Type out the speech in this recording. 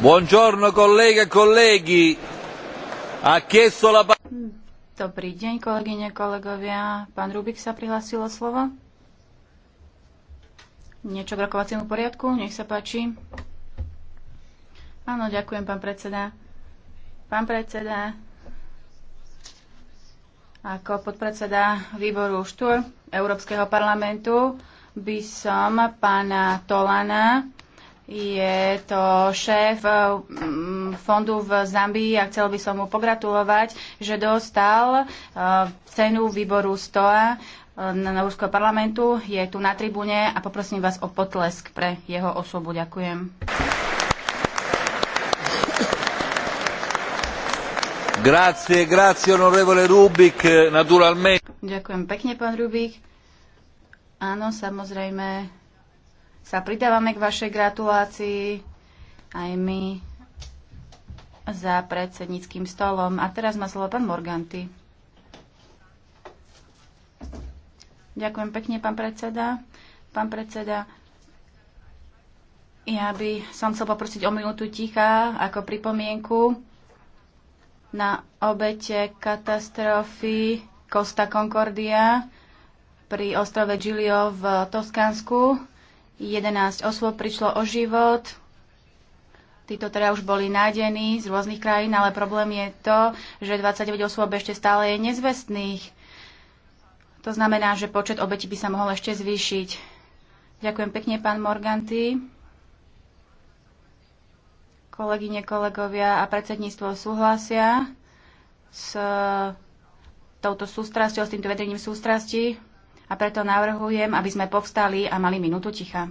Buongiorno colleghe e colleghi. Ha chiesto la hm, Dobrý deň, kolegyne, kolegovia. Pán Rubik sa prihlásil o slovo. Niečo k rokovaciemu poriadku? Nech sa páči. Áno, ďakujem, pán predseda. Pán predseda, ako podpredseda výboru štúr Európskeho parlamentu by som pána Tolana je to šéf eh, fondu v Zambii a chcel by som mu pogratulovať, že dostal eh, cenu výboru STOA eh, na Európskeho parlamentu. Je tu na tribúne a poprosím vás o potlesk pre jeho osobu. Ďakujem. Grazie, grazie, onorevole Rubik, naturalmente. Ďakujem pekne, pán Rubik. Áno, samozrejme, sa pridávame k vašej gratulácii aj my za predsedníckým stolom. A teraz má slovo pán Morganti. Ďakujem pekne, pán predseda. Pán predseda, ja by som chcel poprosiť o minútu ticha ako pripomienku na obete katastrofy Costa Concordia pri ostrove Giulio v Toskánsku. 11 osôb prišlo o život. Títo teda už boli nádení z rôznych krajín, ale problém je to, že 29 osôb ešte stále je nezvestných. To znamená, že počet obetí by sa mohol ešte zvýšiť. Ďakujem pekne, pán Morganti. Kolegyne, kolegovia a predsedníctvo súhlasia s touto sústrasťou, s týmto vedením sústrasti. A preto navrhujem, aby sme povstali a mali minútu ticha.